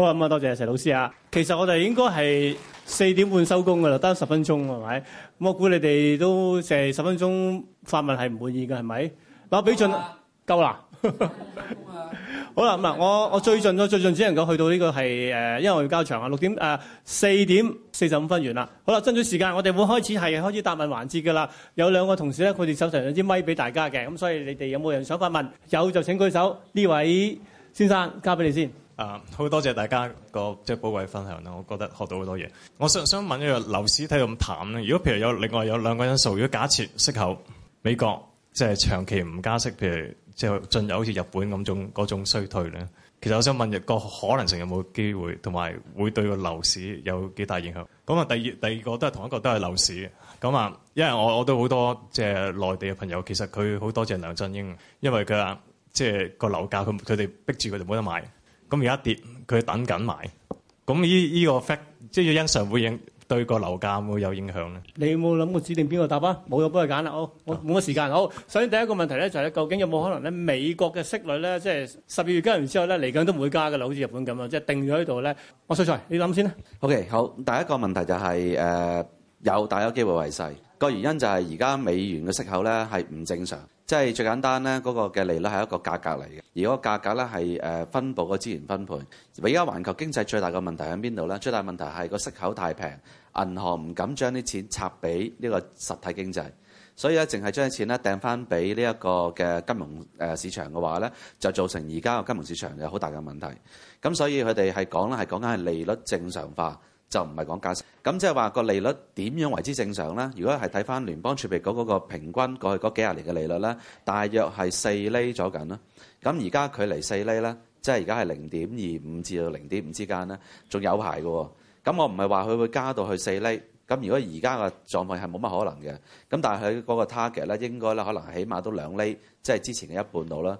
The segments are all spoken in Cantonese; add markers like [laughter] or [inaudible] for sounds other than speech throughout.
好啊，咁啊，多謝石老師啊。其實我哋應該係四點半收工噶啦，得十分鐘係咪？我估你哋都成十分鐘發問係唔滿意嘅係咪？嗱，我俾盡夠啦。好啦，唔係我我最盡，我最盡只能夠去到呢個係誒，因為我要交場啊，六點誒四點四十五分完啦。好啦，爭取時間，我哋會開始係開始答問環節噶啦。有兩個同事咧，佢哋手上有支咪俾大家嘅，咁所以你哋有冇人想發問？有就請舉手。呢位先生，交俾你先。啊，好、uh, 多謝大家個即係寶貴分享啦，我覺得學到好多嘢。我想想問一個樓市睇到咁淡咧，如果譬如有另外有兩個因素，如果假設息口美國即係長期唔加息，譬如即係進入好似日本咁種嗰種衰退咧，其實我想問一個可能性有冇機會，同埋會對個樓市有幾大影響？咁啊，第二第二個都係同一個都係樓市嘅。咁啊，因為我我都好多即係內地嘅朋友，其實佢好多謝梁振英，因為佢話即係個樓價，佢佢哋逼住佢哋冇得買。咁而家跌，佢等緊買。咁依依個 fact 即係因素會影對個樓價會有影響咧。你有冇諗過指定邊個答啊？冇，有幫佢揀啦。好，我冇乜時間。好，首先第一個問題咧就係究竟有冇可能咧美國嘅息率咧即係十二月加完之後咧嚟緊都唔會加嘅啦，好似日本咁啊，即係定咗喺度咧。我衰衰，你諗先啦。OK，好。第一個問題就係誒有，但係有機會為細。個原因就係而家美元嘅息口咧係唔正常。即係最簡單咧，嗰個嘅利率係一個價格嚟嘅，而嗰個價格咧係誒分佈個資源分配。而家環球經濟最大嘅問題喺邊度咧？最大問題係個息口太平，銀行唔敢將啲錢插俾呢個實體經濟，所以咧淨係將啲錢咧掟翻俾呢一個嘅金融誒市場嘅話咧，就造成而家個金融市場有好大嘅問題。咁所以佢哋係講咧係講緊係利率正常化。就唔係講加息，咁即係話個利率點樣為之正常呢？如果係睇翻聯邦儲備局嗰個平均過去嗰幾廿年嘅利率呢，大約係四厘左近啦。咁而家距離四厘呢，即係而家係零點二五至到零點五之間呢，仲有排嘅。咁我唔係話佢會加到去四厘。咁如果而家嘅狀況係冇乜可能嘅，咁但係佢嗰個 target 呢，應該呢可能起碼都兩厘，即係之前嘅一半度啦。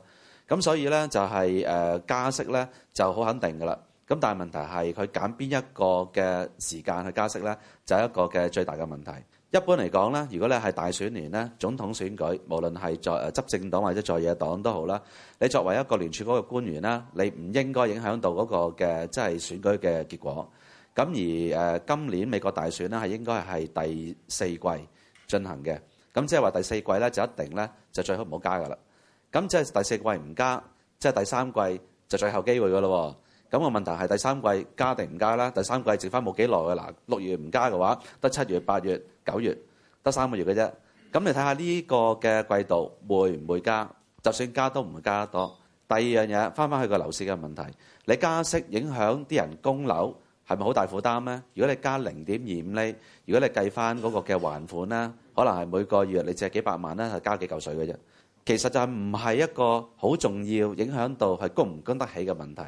咁所以呢，就係誒加息呢，就好肯定㗎啦。咁但係問題係佢揀邊一個嘅時間去加息呢，就係一個嘅最大嘅問題。一般嚟講啦，如果你係大選年呢，總統選舉，無論係在執政黨或者在野黨都好啦，你作為一個聯儲局嘅官員啦，你唔應該影響到嗰個嘅即係選舉嘅結果。咁而今年美國大選呢，係應該係第四季進行嘅，咁即係話第四季呢就一定呢，就最好唔好加噶啦。咁即係第四季唔加，即係第三季就最後機會㗎咯喎。咁個問題係第三季加定唔加啦。第三季剩翻冇幾耐嘅嗱，六月唔加嘅話，得七月、八月、九月得三個月嘅啫。咁你睇下呢個嘅季度會唔會加？就算加都唔會加得多。第二樣嘢，翻翻去個樓市嘅問題，你加息影響啲人供樓係咪好大負擔咧？如果你加零點二五厘，如果你計翻嗰個嘅還款咧，可能係每個月你借幾百萬咧，係加幾嚿水嘅啫。其實就唔係一個好重要影響到係供唔供得起嘅問題。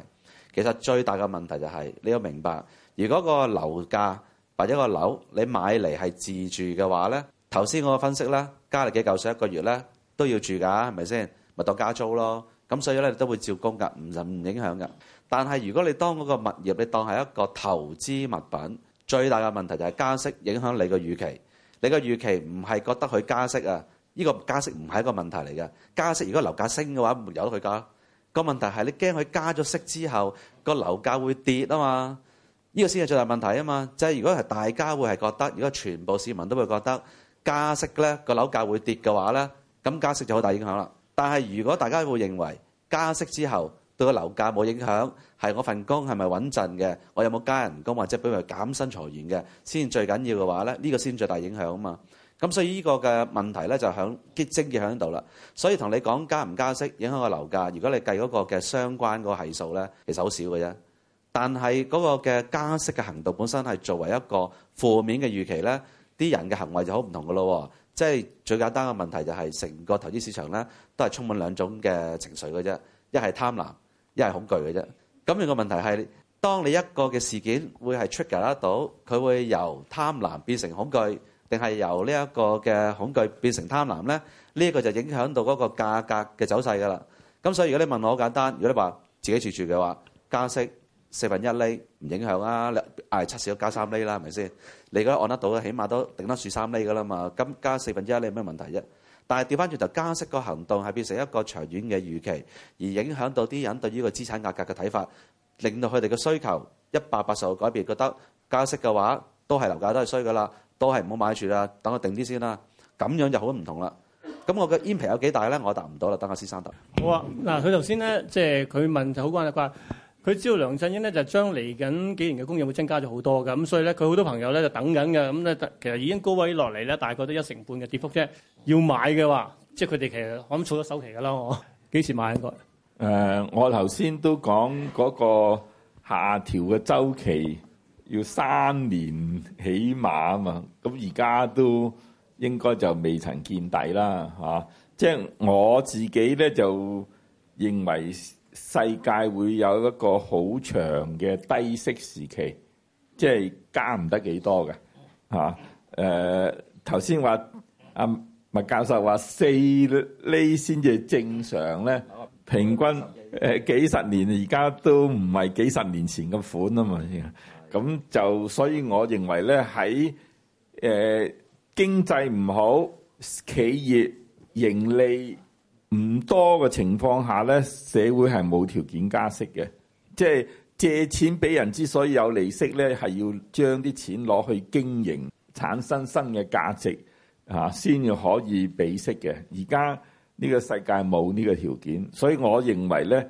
其實最大嘅問題就係、是、你要明白，如果個樓價或者個樓你買嚟係自住嘅話呢，頭先我分析啦，加嚟幾嚿水一個月呢都要住㗎，係咪先？咪當加租咯。咁所以咧，都會照供㗎，唔唔影響㗎。但係如果你當嗰個物業，你當係一個投資物品，最大嘅問題就係加息影響你嘅預期。你嘅預期唔係覺得佢加息啊？呢、這個加息唔係一個問題嚟嘅。加息如果樓價升嘅話，由得佢加。個問題係你驚佢加咗息之後，個樓價會跌啊嘛？呢個先係最大問題啊嘛！就係如果大家會係覺得，如果全部市民都會覺得加息呢，個樓價會跌嘅話呢，咁加息就好大影響啦。但係如果大家會認為加息之後對個樓價冇影響，係我份工係咪穩陣嘅？我有冇加人工或者比如減薪裁員嘅先最緊要嘅話呢，呢個先最大影響啊嘛！咁所以呢個嘅問題呢，就響積積嘅響度啦，所以同你講加唔加息影響個樓價，如果你計嗰個嘅相關個係數呢，其實好少嘅啫。但係嗰個嘅加息嘅行動本身係作為一個負面嘅預期呢，啲人嘅行為就好唔同嘅咯。即係最簡單嘅問題就係成個投資市場呢，都係充滿兩種嘅情緒嘅啫，一係貪婪，一係恐懼嘅啫。咁樣嘅問題係，當你一個嘅事件會係 trigger 得到，佢會由貪婪變成恐懼。定係由呢一個嘅恐懼變成貪婪呢？呢？呢一個就影響到嗰個價格嘅走勢㗎啦。咁所以如果你問我好簡單，如果你話自己住住嘅話，加息四分一厘唔影響啊，捱七少加三厘啦，係咪先？你而家按得到，起碼都頂得住三厘㗎啦嘛。咁加四分之一厘有咩問題啫？但係調翻轉頭，加息個行動係變成一個長遠嘅預期，而影響到啲人對於個資產價格嘅睇法，令到佢哋嘅需求一百八十度改變，覺得加息嘅話都係樓價都係衰㗎啦。都係唔好買住啦，等我定啲先啦。咁樣就好唔同啦。咁我嘅煙皮有幾大咧？我答唔到啦，等施先生答。好啊，嗱，佢頭先咧，即係佢問就好關啦。佢話佢知道梁振英咧就是、將嚟緊幾年嘅供應會增加咗好多嘅，咁所以咧佢好多朋友咧就等緊嘅，咁咧其實已經高位落嚟咧，大概都一成半嘅跌幅啫。要買嘅話，即係佢哋其實我諗儲咗首期嘅啦。我幾時買應該？誒、呃，我頭先都講嗰個下調嘅週期。要三年起碼啊嘛，咁而家都應該就未曾見底啦嚇。即係我自己咧就認為世界會有一個好長嘅低息時期，即係加唔得幾多嘅嚇。誒、頭先話阿麥教授話四釐先至正常咧，平均誒幾十年，而家都唔係幾十年前嘅款啊嘛。咁就所以，我認為咧喺誒經濟唔好、企業盈利唔多嘅情況下咧，社會係冇條件加息嘅。即係借錢俾人之所以有利息咧，係要將啲錢攞去經營產生新嘅價值吓先至可以俾息嘅。而家呢個世界冇呢個條件，所以我認為咧，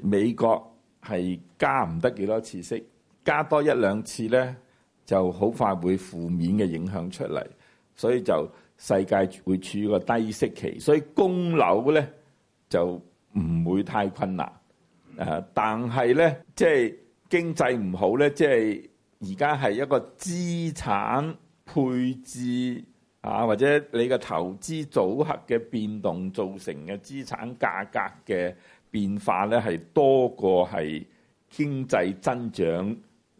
美國係加唔得幾多次息。加多一兩次咧，就好快會負面嘅影響出嚟，所以就世界會處於一個低息期，所以供樓咧就唔會太困難。誒，但係咧，即係經濟唔好咧，即係而家係一個資產配置啊，或者你嘅投資組合嘅變動造成嘅資產價格嘅變化咧，係多過係經濟增長。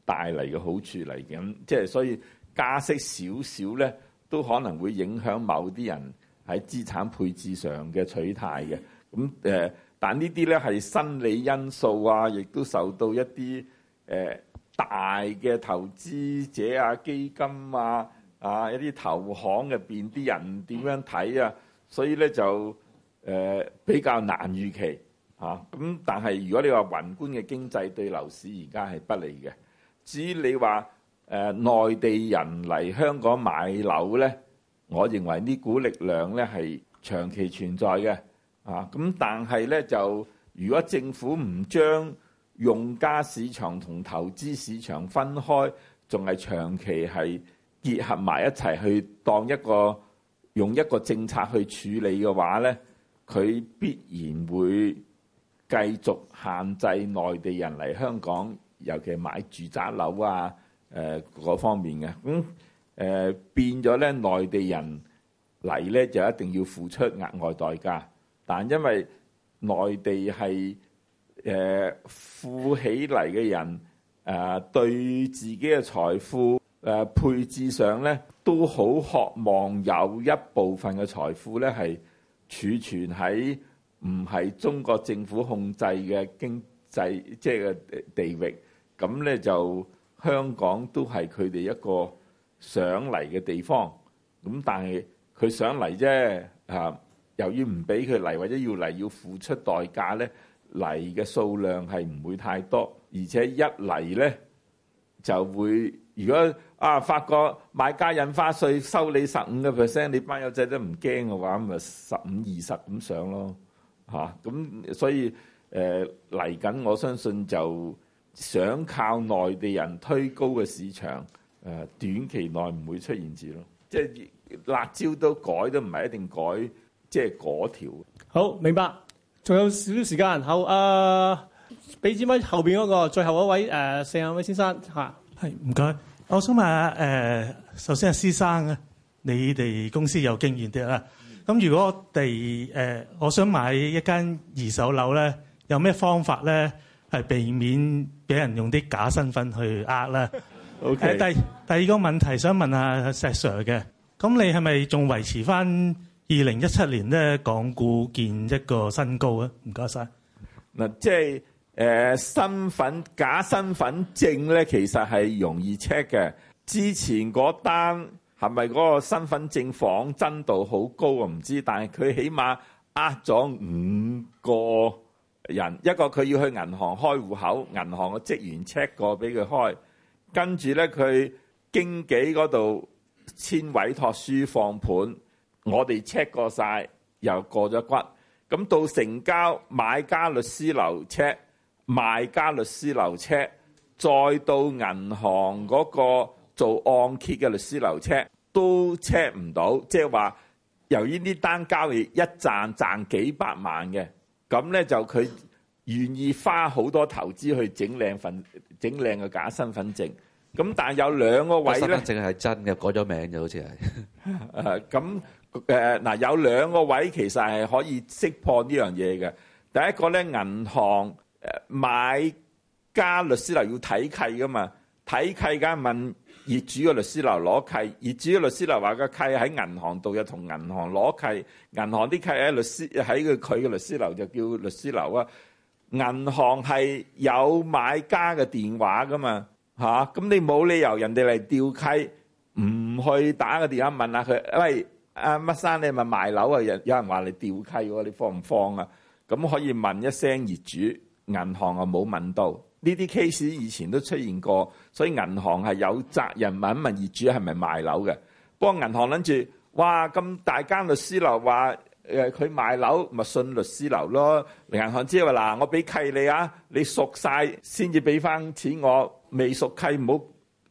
帶嚟嘅好處嚟嘅，即係所以加息少少咧，都可能會影響某啲人喺資產配置上嘅取態嘅。咁誒，但呢啲咧係心理因素啊，亦都受到一啲誒大嘅投資者啊、基金啊啊一啲投行入邊啲人點樣睇啊，所以咧就誒比較難預期嚇。咁、啊、但係如果你話宏觀嘅經濟對樓市而家係不利嘅。至於你話誒、呃、內地人嚟香港買樓咧，我認為呢股力量咧係長期存在嘅，啊咁但係咧就如果政府唔將用家市場同投資市場分開，仲係長期係結合埋一齊去當一個用一個政策去處理嘅話咧，佢必然會繼續限制內地人嚟香港。尤其係買住宅樓啊，誒、呃、嗰方面嘅咁誒變咗咧，內地人嚟咧就一定要付出額外代價，但因為內地係誒、呃、富起嚟嘅人誒、呃，對自己嘅財富誒、呃、配置上咧都好渴望有一部分嘅財富咧係儲存喺唔係中國政府控制嘅經濟即係嘅地域。咁咧就香港都係佢哋一個想嚟嘅地方。咁但係佢想嚟啫嚇，由於唔俾佢嚟，或者要嚟要付出代價咧，嚟嘅數量係唔會太多，而且一嚟咧就會如果啊發覺買家印花稅收你十五個 percent，你班友仔都唔驚嘅話，咁咪十五二十咁上咯嚇。咁、啊、所以誒嚟緊，呃、我相信就。想靠內地人推高嘅市場，誒、呃、短期內唔會出現字咯。即係辣椒都改都唔係一定改，即係嗰條。好明白，仲有少少時間，然後誒俾支咪後邊嗰、嗰個最後一位誒、呃、四廿五位先生嚇。係唔該，我想問誒、呃，首先阿施生啊，你哋公司有經驗啲啦。咁如果我哋誒，我想買一間二手樓咧，有咩方法咧係避免？俾人用啲假身份去呃啦。OK、啊。第第二個問題想問下石 Sir 嘅，咁你係咪仲維持翻二零一七年咧港股見一個新高啊？唔該晒。嗱，即係誒、呃、身份假身份證咧，其實係容易 check 嘅。之前嗰單係咪嗰個身份證仿真度好高啊？唔知，但係佢起碼呃咗五個。人一個佢要去銀行開戶口，銀行嘅職員 check 過俾佢開，跟住咧佢經紀嗰度簽委託書放盤，我哋 check 過晒，又過咗骨，咁到成交買家律師樓 check，賣家律師樓 check，再到銀行嗰個做按揭嘅律師樓 check 都 check 唔到，即係話由於呢單交易一賺賺幾百萬嘅。咁咧就佢願意花好多投資去整靚份整靚嘅假身份證，咁但係有兩個位咧，身份證係真嘅，改咗名嘅好似係。誒， [laughs] 咁誒嗱，有兩個位其實係可以識破呢樣嘢嘅。第一個咧，銀行誒、呃、買家律師樓要睇契噶嘛，睇契梗問。業主個律師樓攞契，業主個律師樓話個契喺銀行度，又同銀行攞契，銀行啲契喺律師喺佢佢個律師樓就叫律師樓啊。銀行係有買家嘅電話噶嘛嚇，咁、啊、你冇理由人哋嚟調契，唔去打個電話問下佢，喂阿乜生，你係咪賣樓慌慌啊？有有人話你調契喎，你放唔放啊？咁可以問一聲業主，銀行我冇問到。呢啲 case 以前都出現過，所以銀行係有責任問一問業主係咪賣樓嘅。不過銀行諗住，哇咁大間律師樓話誒，佢、呃、賣樓咪信律師樓咯。銀行知啊，嗱我俾契你啊，你熟晒先至俾翻錢我。未熟契唔好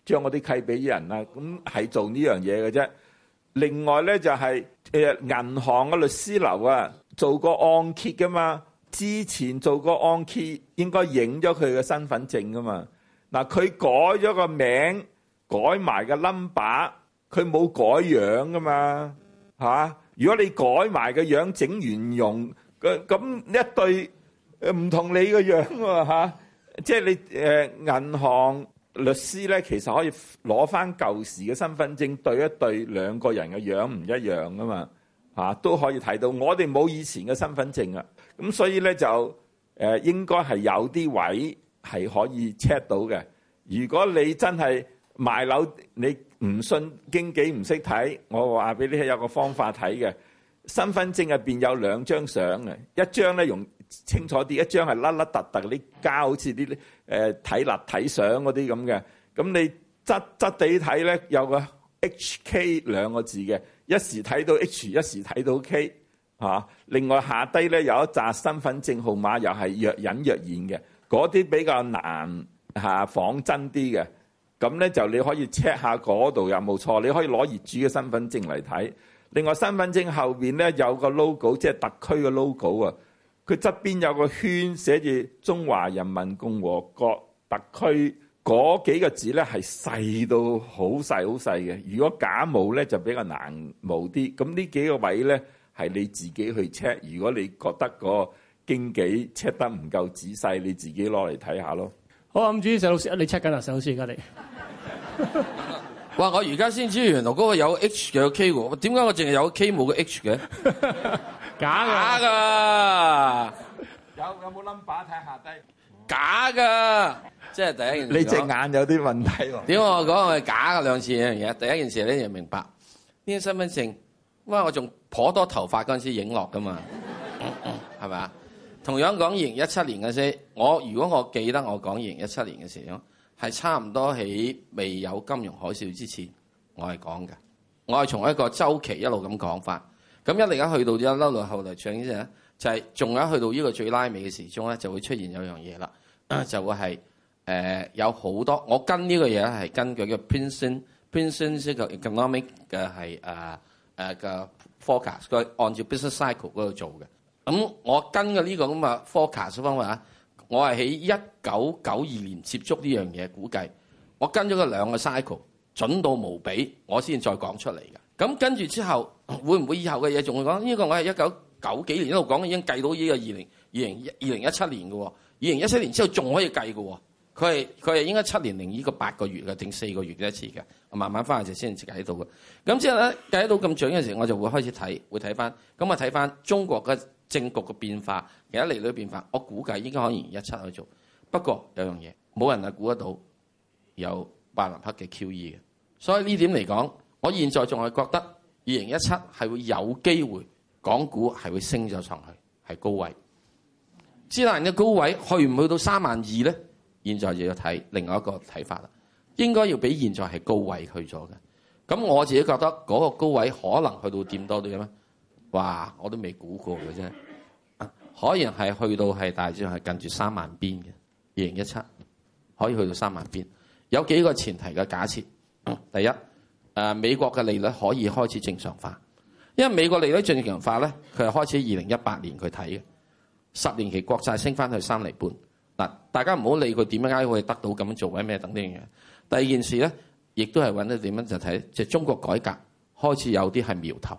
將我啲契俾人啊，咁係做呢樣嘢嘅啫。另外咧就係、是、誒、呃、銀行個律師樓啊，做過按揭噶嘛。之前做過按揭應該影咗佢嘅身份證噶嘛？嗱，佢改咗個名，改埋個 number，佢冇改樣噶嘛？嚇！如果你改埋個樣，整完容，咁一對誒唔同你個樣喎嚇，即係你誒銀行律師咧，其實可以攞翻舊時嘅身份證對一對，兩個人個樣唔一樣噶嘛？啊，都可以睇到。我哋冇以前嘅身份證啊，咁所以咧就誒、呃、應該係有啲位係可以 check 到嘅。如果你真係賣樓，你唔信經紀唔識睇，我話俾你聽，有個方法睇嘅。身份證入邊有兩張相嘅，一張咧用清楚啲，一張係凹凹凸凸啲膠，加好似啲誒睇立體相嗰啲咁嘅。咁你質質地睇咧，有個 H K 兩個字嘅。一時睇到 H，一時睇到 K，吓，另外下低咧有一扎身份證號碼，又係若隱若現嘅，嗰啲比較難，吓，仿真啲嘅。咁咧就你可以 check 下嗰度有冇錯，你可以攞業主嘅身份證嚟睇。另外身份證後邊咧有個 logo，即係特區嘅 logo 啊！佢側邊有個圈，寫住中華人民共和國特區。嗰幾個字咧係細到好細好細嘅，如果假冒咧就比較難冒啲。咁呢幾個位咧係你自己去 check，如果你覺得個經紀 check 得唔夠仔細，你自己攞嚟睇下咯。好啊，施主席老師，你 check 緊啊，施老師而家你。 [laughs] 哇！我而家先知原來嗰個有 H 嘅 [laughs] 的的，有 K 喎，點解我淨係有 K 冇個 H 嘅？嗯、假㗎，有有冇 number 睇下底？假㗎。即係第一件事，你隻眼有啲問題喎。點解我講我係假嘅兩次一樣嘢。第一件事咧就明白呢啲身份證，哇！我仲頗多頭髮嗰陣時影落噶嘛，係咪、 [laughs] 嗯嗯？同樣講二零一七年嘅事，我如果我記得我講二零一七年嘅時，係差唔多喺未有金融海嘯之前，我係講嘅。我係從一個周期一路咁講法。咁一嚟家去到一粒粒後嚟，請先啦，就係仲有去到呢個最拉尾嘅時鐘咧，就會出現有樣嘢啦，啊、就會係。誒、呃、有好多，我跟呢個嘢咧係根據嘅 Princeton Princeton 呢個 economic 嘅係啊誒嘅、呃呃、forecast，佢按照 business cycle 嗰度做嘅。咁、嗯、我跟嘅呢個咁嘅 forecast 方法，我係喺一九九二年接觸呢樣嘢估計，我跟咗個兩個 cycle 準到無比，我先再講出嚟嘅。咁、嗯、跟住之後，會唔會以後嘅嘢仲會講？呢個我係一九九幾年一路講，已經計到呢個二零二零二零一七年嘅喎、哦，二零一七年之後仲可以計嘅喎、哦。佢係佢係應該七年零呢個八個月嘅，定四個月嘅一次嘅，我慢慢翻去就先至計喺度嘅。咁之後咧計喺度咁長嘅時候，我就會開始睇，會睇翻咁啊睇翻中國嘅政局嘅變化，其他利率嘅變化，我估計應該可以二零一七去做。不過有樣嘢冇人係估得到有伯南克嘅 Q.E. 嘅，所以呢點嚟講，我現在仲係覺得二零一七係會有機會，港股係會升咗上去，係高位。知難嘅高位去唔去到三萬二咧？現在就要睇另外一個睇法啦，應該要比現在係高位去咗嘅。咁我自己覺得嗰個高位可能去到點多啲嘅咩？哇！我都未估過嘅啫。可能係去到係大致上係近住三萬邊嘅，二零一七可以去到三萬邊。有幾個前提嘅假設，第一，啊、美國嘅利率可以開始正常化，因為美國利率正常化咧，佢係開始二零一八年去睇嘅十年期國債升翻去三厘半。嗱，大家唔好理佢點樣解會得到咁樣做或者咩等等嘅。第二件事咧，亦都係揾得點樣就睇，即係即係、中國改革開始有啲係苗頭。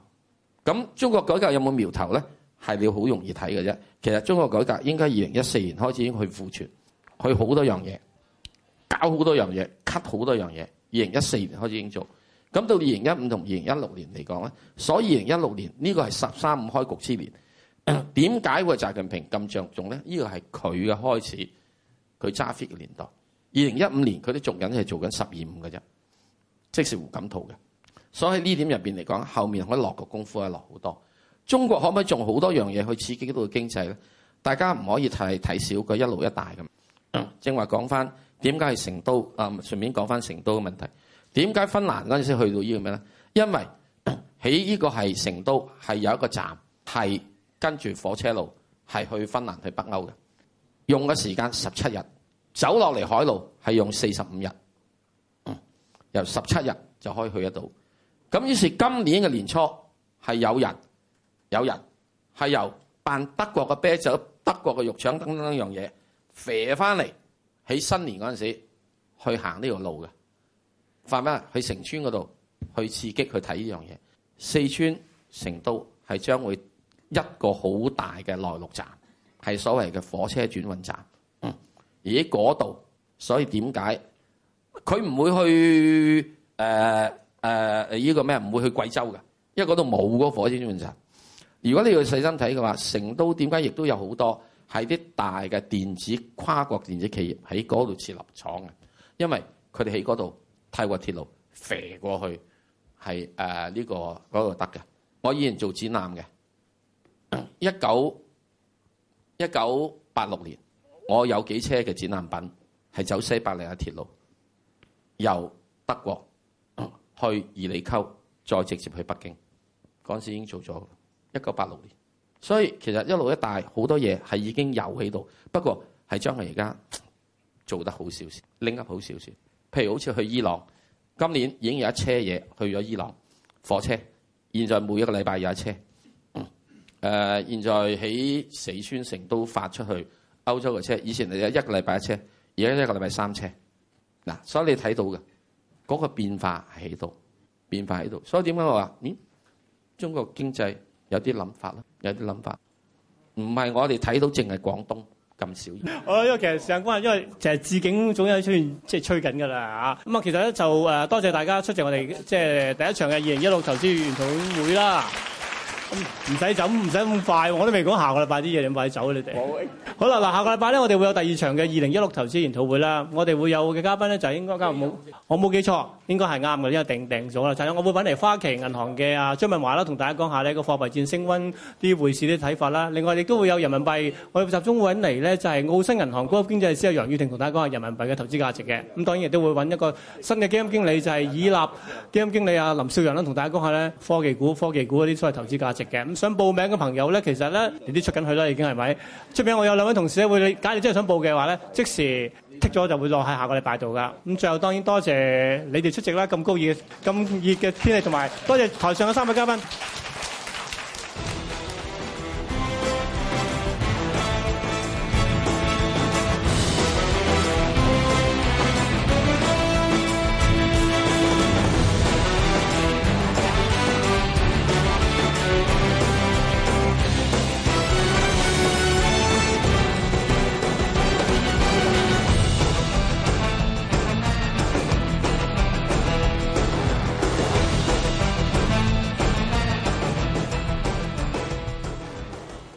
咁中國改革有冇苗頭咧？係你好容易睇嘅啫。其實中國改革應該二零一四年開始已經去庫存，去好多樣嘢，搞好多樣嘢，cut 好多樣嘢。二零一四年開始已經做，咁到二零一五同二零一六年嚟講咧，所以二零一六年呢、呢個係十三五開局之年。點解會習近平咁着重咧？呢、呢個係佢嘅開始，佢揸 fit 嘅年代。二零一五年佢都仲緊係做緊十二五嘅啫，即是胡錦濤嘅。所以呢點入面嚟講，後面可以落個功夫係落好多。中國可唔可以做好多樣嘢去刺激到經濟咧？大家唔可以睇睇小佢一路一帶咁。正話講翻點解係成都？啊、呃，順便講翻成都嘅問題。點解芬蘭嗰陣時去到個呢個咩咧？因為喺呢個係成都係有一個站係跟住火車路係去芬蘭去北歐嘅，用嘅時間十七日，走落嚟海路係用四十五日，嗯、由十七日就可以去得到。咁於是今年嘅年初係有人，有人係由辦德國嘅啤酒、德國嘅肉腸等等一樣嘢，孭翻嚟喺新年嗰陣時去行呢條路嘅。翻返去城村嗰度去刺激去睇呢樣嘢。四川成都係將會一個好大嘅內陸站係所謂嘅火車轉運站，嗯、而喺嗰度，所以點解佢唔會去？誒、呃、誒，依、呃這個咩唔會去貴州嘅？因為嗰度冇個火車轉運站。如果你要細心睇嘅話，成都點解亦都有好多係啲大嘅電子跨國電子企業喺嗰度設立廠嘅？因為佢哋喺嗰度泰國鐵路飛過去係誒呢個嗰度得嘅。我以前做展覽嘅。一九一九八六年，我有幾車嘅展覽品係走西伯利亞鐵路，由德國去二里溝，再直接去北京。嗰時已經做咗一九八六年，所以其實一路一帶好多嘢係已經有喺度，不過係將佢而家做得好少少，拎得好少少。譬如好似去伊朗，今年已經有一車嘢去咗伊朗，火車現在每一個禮拜有一車。誒、呃，現在喺四川成都發出去歐洲嘅車，以前係一個禮拜一車，而家一個禮拜三車。嗱、啊，所以你睇到嘅嗰、那個變化喺度，變化喺度。所以點解我話，嗯，中國經濟有啲諗法啦，有啲諗法，唔係我哋睇到淨係廣東咁少。哦，因為其實時間關係，因為其實石鏡總有出現即係吹緊㗎啦嚇。咁、嗯、啊，其實咧就誒、呃，多謝大家出席我哋即係第一場嘅二零一六投資研討會啦。唔使走，唔使咁快，我都未講下個禮拜啲嘢，點快走你哋？好啦，嗱，下個禮拜咧，我哋會有第二場嘅二零一六投資研討會啦。我哋會有嘅嘉賓咧，就係應該，我冇，我冇記錯，應該係啱嘅，因為訂訂咗啦。就係我會搵嚟花旗銀行嘅阿張文華啦，同大家講下咧個貨幣戰升溫啲匯市啲睇法啦。另外，亦都會有人民幣，我哋集中搵嚟咧，就係澳新銀行嗰個經濟師阿楊宇霆同大家講下人民幣嘅投資價值嘅。咁當然亦都會搵一個新嘅基金經理，就係以立基金經理阿林少陽啦，同大家講下咧科技股、科技股嗰啲所謂投資價。嘅，咁想報名嘅朋友咧，其實咧有啲出緊去啦，已經係咪？出面我有兩位同事咧會，你假如真係想報嘅話咧，即時剔咗就會落喺下個禮拜度噶。咁最後當然多謝你哋出席啦，咁高熱咁熱嘅天氣，同埋多謝台上嘅三位嘉賓。